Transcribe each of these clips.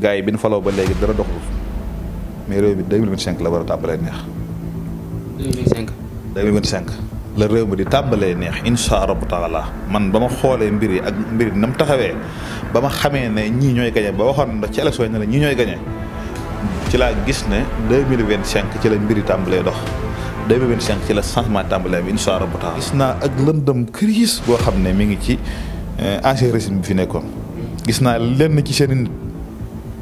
gars yi bi ñu faloo ba léegi dara doxul mais réew mi 2025 la war a tàmbalee neex. 2025. 2025 la réew mi di tàmbalee neex insha rabbu taala man ba ma xoolee mbir yi ak mbir yi na mu taxawee ba ma xamee ne ñii ñooy gañe ba waxoon na ci élection yi ne la ñii ñooy gañe ci laa gis ne 2025 ci la mbir yi tàmbalee dox. 2025 ci la changement tàmbalee bi incha allah bu taala gis naa ak lëndëm crise boo xam ne mi ngi ci euh, ancien régime bi fi nekkoon. gis naa lenn ci seen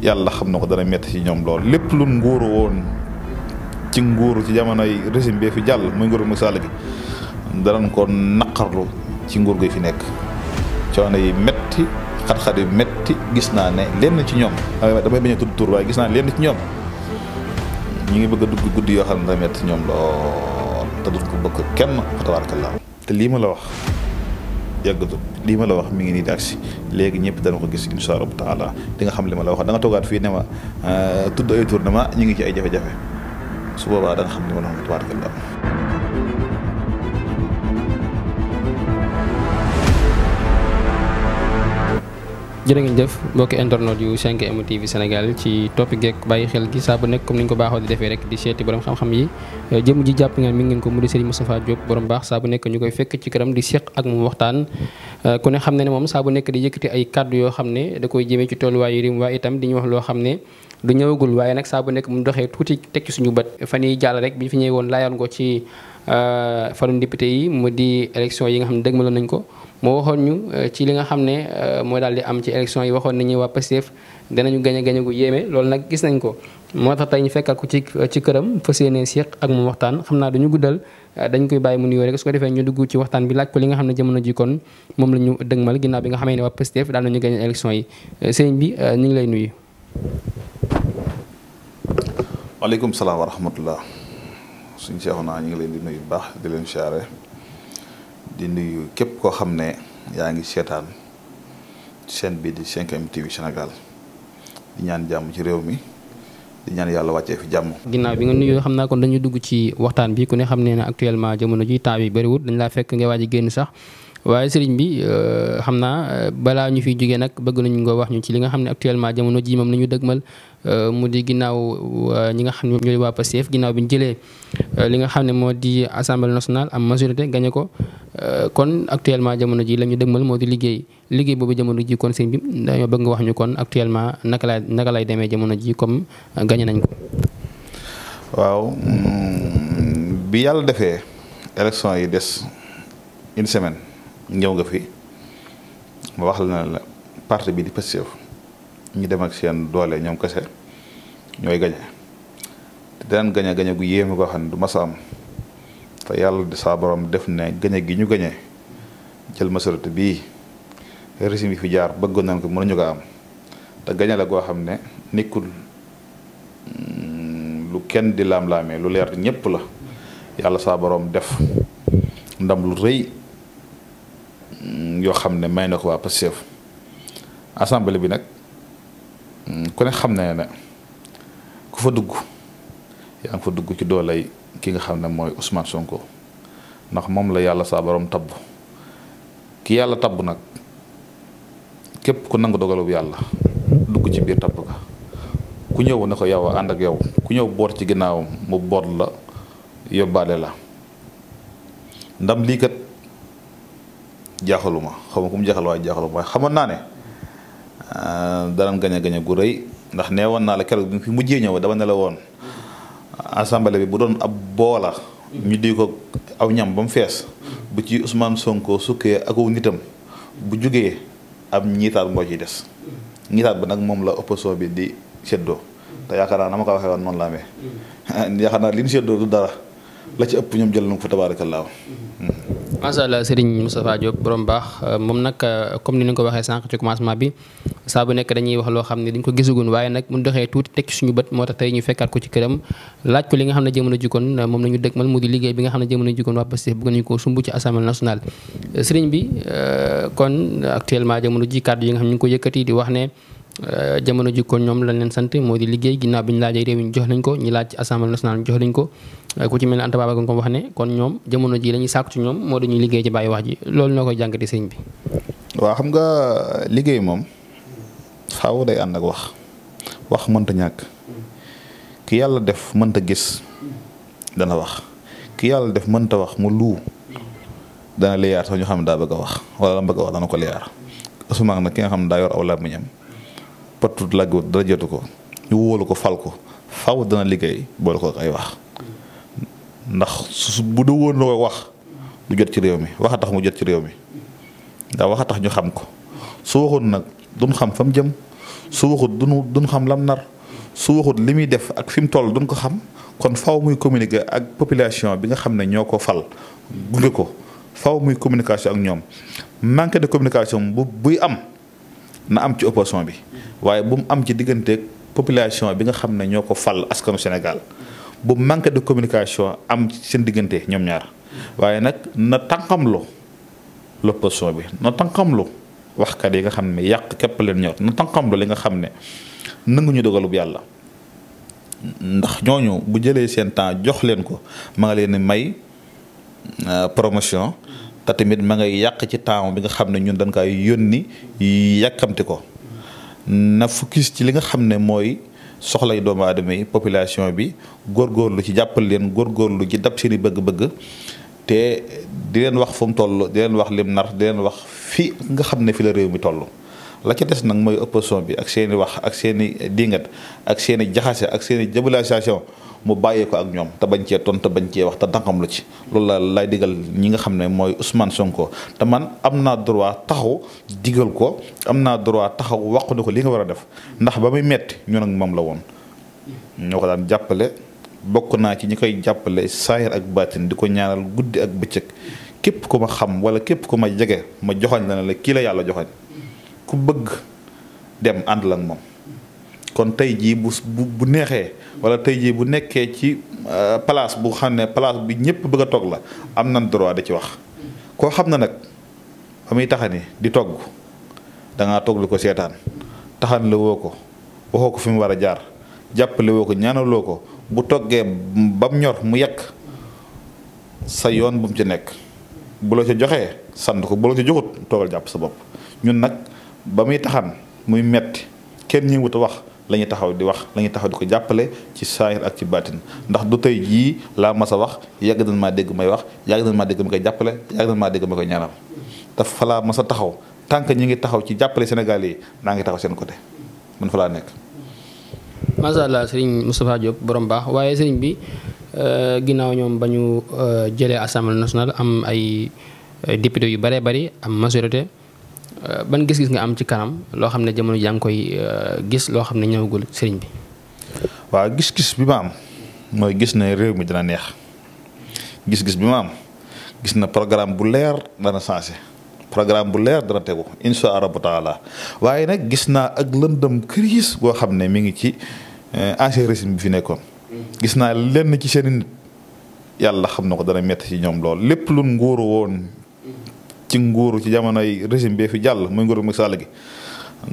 yàlla xam na ko dana metti ci ñoom lool lépp lu nguuru woon ci nguuru ci jamonoy régime bi fi jàll muy ngiru Macky Sall gi danañ ko naqarlu ci nguur gi fi nekk coono yi métti xat-xat yi métti gis naa ne lenn ci ñoom damay bañ a du tur waaye gis naa ne lenn ci ñoom ñu ngi bëgg a dugg guddi yoo xam ne dana métti ci ñoom lool te duñ ko bëgg kenn fa tabarakallah te lii ma la wax yàggatul lii ma la wax mi ngi nii di agsi léegi ñëpp dana ko gis insha allahu taala di nga xam li ma la wax da nga toogaat fii ne ma ah, tudd ay tournement ñu ngi ci ay jafe-jafe su boobaa da nga xam li ma la wax tabaarakallah jërë ngeen jëf mbokki internet yu 5M TV Sénégal ci topp geeg bàyyi xel gi saa bu nekk comme ni ñu ko baaxoo di defee rek di seeti borom xam-xam yi euh, jëm ji jàpp ngeen mi ngeen mu di Serigne Moustapha Diop borom baax saa koy fekk ci këram di seq ak moom waxtaan euh, ku ne xam ne ne moom saa bu nekk di yëkkati ay kàddu yoo xam ne da koy jëmee ci tolluwaayu rim waa itam di ñu wax loo xam ne du ñëwagul waaye nag saa bu nekk mu doxee tuuti teg ci suñu bët fan yi jàll rek bi ñu fi ñëwee woon laayoon ko ci euh, falum député yi mu di élection yi nga xam ne dëgmaloon nañ ko moo waxoon ñu euh, ci li nga xam ne euh, mooy daal di am ci élection yi waxoon nañu waa Pastef danañu gañe gañe gu yéeme loolu nag gis nañ ko moo tax tey ñu fekkal ko ci euh, ci këram fas yéene seq ak mu waxtaan xam naa dañu guddal dañ koy bàyyi mu nuyoo rek su ko defee ñu duggu ci waxtaan bi laaj ko li nga xam ne jamono ji kon moom la ñu dëgmal ginnaaw bi nga xamee ne waa Pastef daal nañu gañe élection yi sëñ bi ñu ngi lay nuyu. waaleykum salaam wa rahmatullah di nuyu képp koo xam ne yaa ngi seetaan chaîne bi di 5M TV Sénégal di ñaan jàmm ci réew mi di ñaan yàlla wàccee fi jàmm. ginnaaw bi nga nuyoo xam naa kon dañu dugg ci waxtaan bi ku ne xam ne ne actuellement jamono ji temps yi bëriwul dañ laa fekk nga waaj a génn sax. waaye sëriñ bi euh, xam naa balaa ñu fiy jógee nag bëgg nañu nga wax ñu ci li nga xam ne actuellement jamono ji moom la ñu dëgmal euh, mu di ginnaaw ñi nga xam ne ñooy waa Pastef ginnaaw bi ñu jëlee euh, li nga xam ne moo di assemblée nationale am majorité gagné ko kon actuellement jamono ji la ñu dëgmal moo di liggéey liggéey boobu jamono ji kon sëriñ bi dañoo bëgg nga wax ñu kon actuellement naka laay naka lay demee jamono ji comme gagné nañ ko. waaw mm, bi yàlla defee élection yi des une semaine. ñëw nga fi ma wax la na la parti bii di Pastef ñu dem ak seen doole ñoom kese ñooy gañe te daan gañe gañe gu yéeme koo xam ne du mas am te yàlla di saa def ne gañe gi ñu gañe jël majorité bii régime bi fi jaar bëggoon nañ ko mënuñu ko am te gañe la goo xam ne nekkul mm, lu kenn di laam-laamee lu leer ñépp la yàlla saa borom def ndam lu rëy Mm, yoo xam ne may na ko waa Pastef assemblée bi nag mm, ku ne xam ne ne ku fa dugg yaa ngi fa dugg ci doolay ki nga xam ne mooy Ousmane Sonko ndax moom la yàlla saa borom tabb ki yàlla tabb nag képp ku nangu dogalu yàlla dugg ci biir tabb ga ku ñëw ne ko yow ànd ak yow ku ñëw boot ci ginnaawam mu boot la yóbbaale la ndam lii kat jaaxaluma xaw ma ku mu jaaxal waaye jaaxaluma waaye xamoon naa ne euh, danañ gañ a gu rëy ndax nee woon naa la keroog bi mu fi mujjee ñëw dama ne la woon assemblée bi bu doon ab boola ñu di ko ñam ba mu fees bu ci Ousmane Sonko sukkee nitam bu jugee ab ñiitaat moo ciy des ñiitaat ba nag moom la opposition bi di seddoo te naa na ma ko waxee woon noonu la amee yaakaar naa ci ëpp ñoom jël nañ ko macha allah Serigne Moustapha Diop borom baax euh, moom nag euh, comme ni ñu ko waxee sànq ci commencement bi saa nekk dañuy wax loo xam ne dañ ko gisagun waaye nag mun doxee tuuti teg ci suñu bët moo tax tey ñu fekkaat ko ci këram laaj ko li nga xam ne jamono jikkoon euh, moom la ñu dëgmal mu di liggéey bi nga xam ne jamono jikkoon waa Pastef nañu ko sumb ci assemblée nationale Serigne bi kon actuellement jamono ji yi nga xam ne ñu ko yëkkati di wax ne Euh, jamono ji kon ñoom lañ leen sant moo di liggéey ginnaaw bi ñu laajee réew ñu jox nañ ko ñi laaj ci assemblée nationale ñu jox nañ ko euh, ku ci mel ne Anta Babacar Ngom wax ne kon ñoom jamono ji la ñuy sàkku ci ñoom moo dañuy liggéey ci bàyyi wax ji loolu noo koy jàngati sëñ bi. waaw xam nga liggéey moom xaaw day ànd ak wax wax mënta ñàkk ki yàlla def mënta gis dana wax ki yàlla def mënta wax mu luu dana liyaar sax ñu xam ne daa bëgg wax wala la bëgg wax dana ko liyaar asumaan nag ki xam ne daa yor aw làmmiñam pëtut laggut dara jotu ko ñu wóolu ko fal ko faw dana liggéey boole ko ak ay wax ndax su bu du woon ko wax du jot ci réew mi wax a tax mu jot ci réew mi ndax wax a tax ñu xam ko su waxut nag duñ xam fa jëm su waxut duñ xam lam nar su waxut li muy def ak fi mu toll duñ ko xam kon faw muy communiquer ak population bi nga xam ne ñoo ko fal gunge ko faw muy communication ak ñoom manque de communication bu buy am na am ci opposition bi waaye bu mu am ci diggante population bi nga xam ne ñoo ko fal askanu Sénégal bu manque de communication am seen diggante ñoom ñaar waaye nag na tànqamloo l'opposition bi na tànqamloo waxkat yi nga xam ne yàq képp leen ñor na tànqamloo li nga xam ne nanguñu dogalub yàlla ndax ñooñu bu jëlee seen temps jox leen ko ma nga leen may euh, promotion te tamit ma ngay yàq ci temps bi nga xam ne ñun dañ koy yónni yàkkamti ko na focus ci li nga xam ne mooy soxlay doomu aadama yi population bi góor góorgóorlu ci jàppal leen góorgóorlu ci dab seen i bëgg-bëgg te di leen wax fu mu toll di leen wax lim nar di leen wax fi nga xam ne fi la réew mi toll. la ca des nag mooy opposition bi ak seen i wax ak seen i dingat ak seeni i jaxase ak seen i jabalisation mu bàyyee ko ak ñoom te bañ cee ton te bañ cee wax te dànqam lu ci loolu la lay digal ñi nga xam ne mooy Ousmane Sonko te man am naa droit taxaw digal ko am naa droit taxaw wax ne ko li nga war a def ndax ba muy metti ñun ak moom la woon ñoo ko daan jàppale bokk naa ci ñi koy jàppale saayir ak baatin di ko ñaaral guddi ak bëccëg képp ku ma xam wala képp ku ma jege ma joxoñ la ne la kii la yàlla joxoñ ku bëgg dem ànd la ak moom kon tey jii bu bu neexee wala tey jii bu nekkee ci euh, place bu xam ne place bi ñëpp bëgg a toog la am na droit da ci wax koo xam ne nag ba muy taxani di togg da ngaa ko seetaan taxan ko waxoo ko fi mu war a jaar jàppale ko ñaanaloo ko bu toggee bam ñor mu yekk sa yoon bu ci nekk bu ci joxee sant ko bu ci joxut toogal jàpp sa bopp ñun nag ba muy taxan muy metti kenn ñi wut wax la taxaw di wax la ñuy taxaw di ko jàppale ci saahir ak ci baatin ndax du tey yii laa mas a wax yàgg nañ maa dégg may wax yàgg nañ maa dégg ma koy jàppale yàgg nañ maa dégg ma koy ñaanal te falaa laa mas a taxaw tant que ñi ngi taxaw ci jàppale Sénégal yi naa ngi taxaw seen côté man falaa nekk. macha allah sëriñ Moustapha Diop borom baax waaye sëriñ bi euh, ginnaaw ñoom ba ñu euh, jëlee assemblée nationale am ay député yu bëree bëri am majorité. Euh, ban gis-gis nga am ci kanam loo xam ne jamono ji yaa koy euh, gis loo xam ne ñëwagul sëriñ bi. waaw gis-gis bi ma am mooy gis na réew mi dana neex gis-gis bi ma am gis na programme bu leer dana sensé programme bu leer dana tegu insha allahu taala waaye nag gis naa ak lëndëm crise boo xam ne mi ngi ci euh, ancien régime bi fi nekkoon. gis naa lenn ci seeni nit yàlla xam na ko dana metti ci ñoom lool lépp lu nguuru woon. ci nguur ci jamonoy régime bi fi jàll muy nguuru Macky Sall gi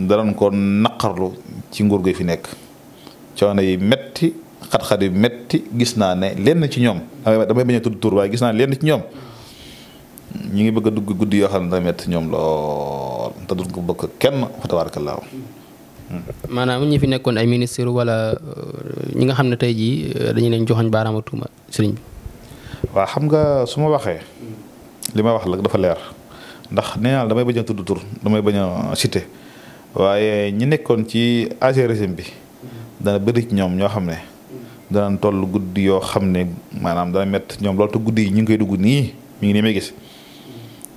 danañ ko naqarlu ci nguur gi fi nekk coono yi metti xat-xat metti gis naa ne lenn ci ñoom damay bañ a tudd tur waaye gis naa lenn ci ñoom ñu ngi bëgg a dugg guddi yoo xam ne dana ñoom lool te duñ ko bokk kenn fa maanaam ñi fi nekkoon ay ministre wala euh, ñi nga xam ne tey jii euh, dañu leen joxoñ baaraama tuuma sëriñ bi. waaw xam nga su ma waxee. li ma wax la dafa leer. ndax nee naa damay bañ a tudd tur damay bañ a cité waaye ñi nekkoon ci ancien régime bi dana bëri ñoom ñoo xam ne danañ toll guddi yoo xam ne maanaam dana métti ñoom loolu guddi yi ñu ngi koy dugg nii mi ngi nii may gis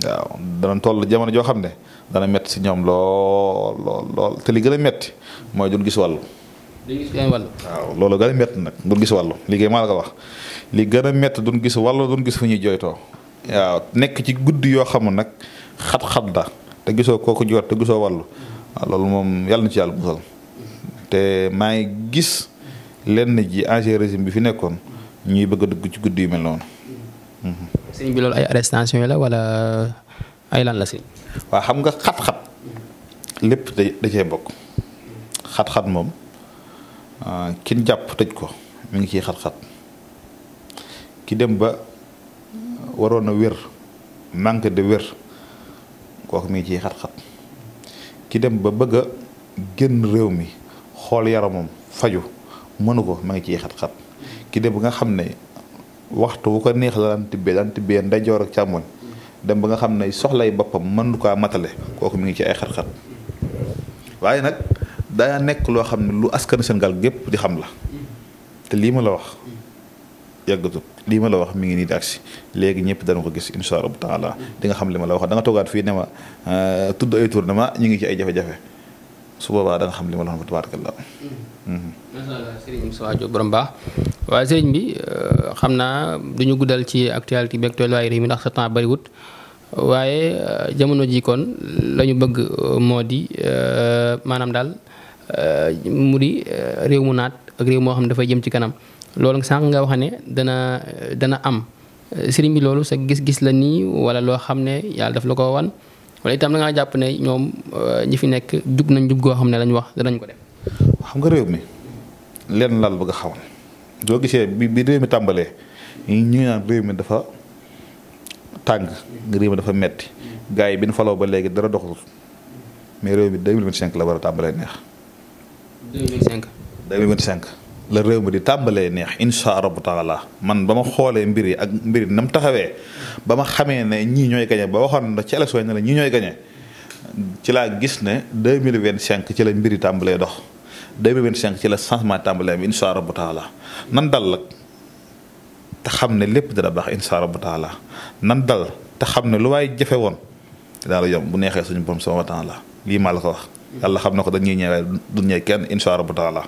waaw danañ toll jamono joo xam ne dana métti si ñoom lool lool te li gën a métti mooy duñ gis wàllu. duñ gis wàllu. waaw loolu gën a nag duñ gis wàllu liggéey maa ko wax li gën a métti duñ gis wàllu duñ gis fu ñuy jooytoo. waaw nekk ci guddi yoo xam nag. xat-xat ba te gisoo kooku jiwat te gisoo wàllu loolu moom yàlla na ci yàlla musal te maa ngi gis lenn ji ancien régime bi fi nekkoon ñuy bëgg a dugg ci guddi yu mel noonu. sëñ bi ay arrestation yi la wala ay lan la xam nga xat-xat lépp da da cee bokk xat-xat moom ah, kin jàpp tëj ko mu ngi ci xat-xat ki dem ba waroon a wér manque de wér. kooku mi ngi ciy xat-xat ki dem ba bëgg a génn réew mi xool yaramam faju mënu ko ma ngi ciy xat-xat ki dem ba nga xam ne waxtu ko neex la daan tibbee daan tibbee ndeyjoor ak càmmoñ dem ba nga xam ne soxlay boppam mënu kaa matale kooku mi ngi ci ay xat-xat waaye nag daa nekk loo xam ne lu askanu Sénégal gépp di xam la te lii ma la wax yàggatut lii ma la wax mi ngi nii taksi léegi ñëpp dana ko gis insha allahu taala di nga xam li ma la wax da nga toogaat fii ne ma euh, tudd ay tournement ñu ngi ci ay jafe-jafe su boobaa da xam li ma la wax tabaarakallah. macha mm-hmm. allah Serigne Moussa Diop borom euh, xam naa du guddal ci actualité beeg tolluwaay réew mi ndax sa temps bariwut waaye euh, jamono ji kon la bëgg moo di maanaam daal mu di réew mu naat ak réew moo xam ne dafay jëm ci kanam. loolu sànq nga wax ne dana dana am sëriñ bi loolu sa gis-gis la nii wala loo xam ne yàlla def la ko wan wala itam da ngaa jàpp ne ñoom euh, ñi fi nekk jug nañ jug goo xam ne lañ wax danañ ko def. xam nga réew mi lenn lal bëgg a xawoon doo gisee bi bi réew mi tàmbalee ñu naan réew mi dafa tàng réew mi dafa metti gars yi bi ñu faloo ba léegi dara doxul mais réew mi cinq la war a tàmbalee neex. 2025. 2025. la réew mi di tàmbalee neex insha rabbu taala man ba ma xoolee mbir yi ak mbir yi na mu taxawee ba ma xamee ne ñii ñooy gañe ba waxoon na ci élection yi ne la ñii ñooy gañe ci laa gis ne mille 2025 ci la mbir yi tàmbalee dox cinq ci la changement tàmbalee am insha rabbu taala nan dal la te xam ne lépp dana baax insha rabbu taala nan dal te xam ne lu waay jafe woon daal yom bu neexee suñu borom sama temps la lii la ko wax xam na ko dañuy ñëwee du ñëw kenn insha rabbu taala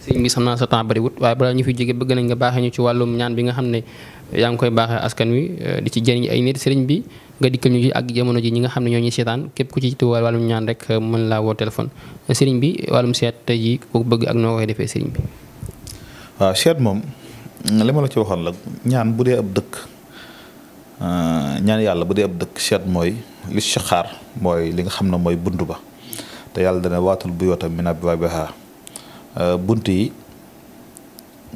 sëñ bi xam naa sa temps bariwut waaye balaa ñu fi jege bëgg nañ nga baaxee ñu ci wàllum ñaan bi nga xam ne yaa ngi koy baaxee askan wi eh, di ci jëriñ ay nit sëriñ bi nga dikkal ñu ci ak jamono ji ñi nga xam ne ñoo ñuy seetaan képp ku ci tuwaal wàllum ñaan rek eh, mën laa woo téléphone sëriñ bi wàllum seet ji ku bëgg ak noo koy defee sëriñ bi waaw seet moom li ma la ci waxoon la ñaan bu dee ab dëkk eh, ñaan yàlla bu dee dëkk seet mooy li saxaar mooy li nga xam ne mooy bunt ba yàlla dana waatul bu yoota Euh, bunt yi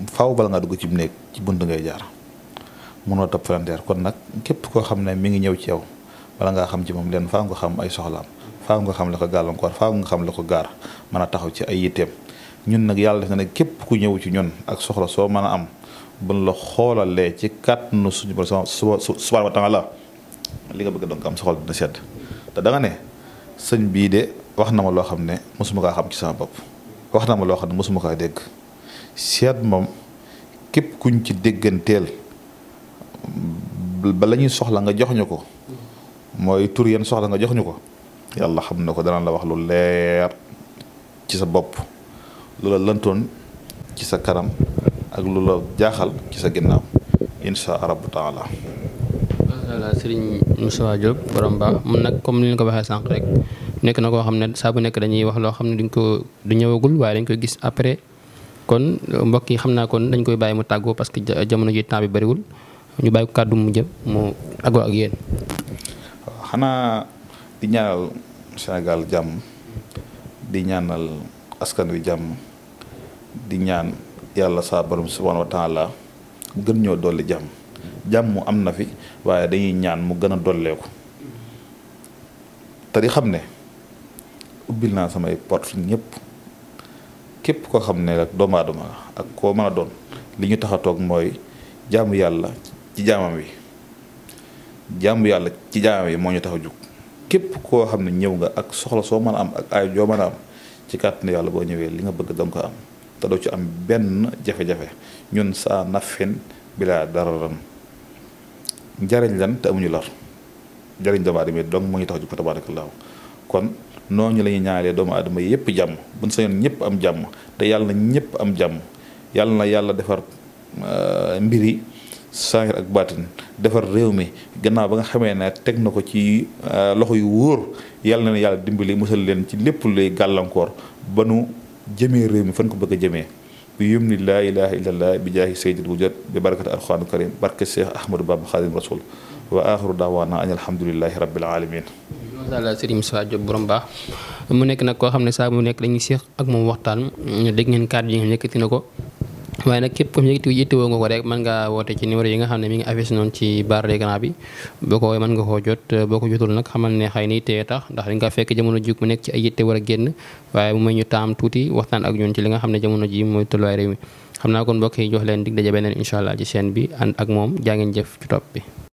faaw bala nga dugg ci néeg ci bunt ngay jaar mënoo topp frontière kon nag képp koo xam ne mi ngi ñëw ci yow bala ngaa xam ci moom leen faaw nga xam ay soxlaam faaw nga xam la ko gàllankoor faaw nga xam la gaar mën a taxaw ci ay yitteem ñun nag yàlla def na ne képp ku ñëw ci ñun ak soxla soo mën a am buñ la xoolalee ci kàttanu suñu ba borom subhaanahu wa la li nga bëgg donc am soxla dina sedd te da ne sëñ bii de wax na ma loo xam ne mosuma kaa xam ci sama bopp wax na ma loo xam ne mosuma kaa dégg seet moom képp kuñ ci dégganteel bala la ñuy soxla nga jox ñu ko mooy tur yenn soxla nga jox ñu ko yàlla xam na ko dana la wax lu leer ci sa bopp lu la lëntoon ci sa kanam ak lu la jaaxal ci sa ginnaaw insha rabbu taala masha allah sëriñ Moussa Diop borom baax mun nag comme ni ñu ko waxee sànq rek nekk na koo xam ne saa bu nekk dañuy wax loo xam ne duñ ko du ñëwagul waaye dañ koy gis après kon mbokk yi xam naa kon dañ koy bàyyi mu tàggoo parce que jamono ji temps bi bariwul ñu bàyyi ko kàddu mu jëm mu àggoo ak yéen. xanaa di ñaanal di ñaanal wi jàmm di ñaan yàlla saa borom subhaana wa taala gën ñoo dolli jàmm jàmm am na fi waaye dañuy ñaan mu gën a dolleeku te di xam ne. ubbil naa samay porte ñëpp képp koo xam ne rek doomu ak koo mën a doon li ñu tax a toog mooy jaamu yàlla ci jaamam wi jaamu yàlla ci jaamam wi moo ñu tax a jug képp ko xam ne ñëw nga ak soxla soo mën a am ak ay joo mën a am ci kàttanu yàlla boo ñëwee li nga bëgg danga ko am te doo ci am benn jafe-jafe ñun saa nafin bi laa dara ran njariñ lan te amuñu lor njariñ doomu aadama moo ñu tax a jug fa tabaarakallaahu kon noonu la ñuy ñaanalee doomu aadama yépp jàmm buñ sañoon ñëpp am jàmm te yàlla na ñëpp am jàmm yàlla na yàlla defar euh, mbir yi saahir ak baatin defar réew mi gannaaw ba nga xamee ne teg na ko ci euh, loxo yu wóor yàlla na yàlla dimbali musal leen ci lépp luy gàllankoor ba nu jëmee réew mi fan ko bëgg a jëmee bi yum ni laa ilaha illallah bi jaahi sayyidil wujud bi barakati alquranu karim barke cheikh ahmadou bamba xaadim rasul wa axiru daawaana an alhamdulilahi rabbil masala Serigne Moussa Diop borom baax mu nekk nag koo xam ne saa mu nekk dañuy séex ak moom waxtaan dégg ngeen kàddu yi nga yëkkati na ko waaye nag képp comme yëkkati yittewoo nga ko rek mën woote ci numéro yi nga xam ne mi ngi affiché noonu ci barre d'écran bi boo ko mën nga koo jot boo ko jotul nag xamal ne xëy na yittee tax ndax dañ ko jamono ji mu nekk ci ay yitte war a génn waaye mu may ñu taam tuuti waxtaan ak ñun ci li nga xam ne jamono ji mooy tolluwaay réew mi xam naa kon mbokk yi jox leen dig daje beneen incha allah ci seen bi ànd ak moom jaa ngeen jëf ci topp bi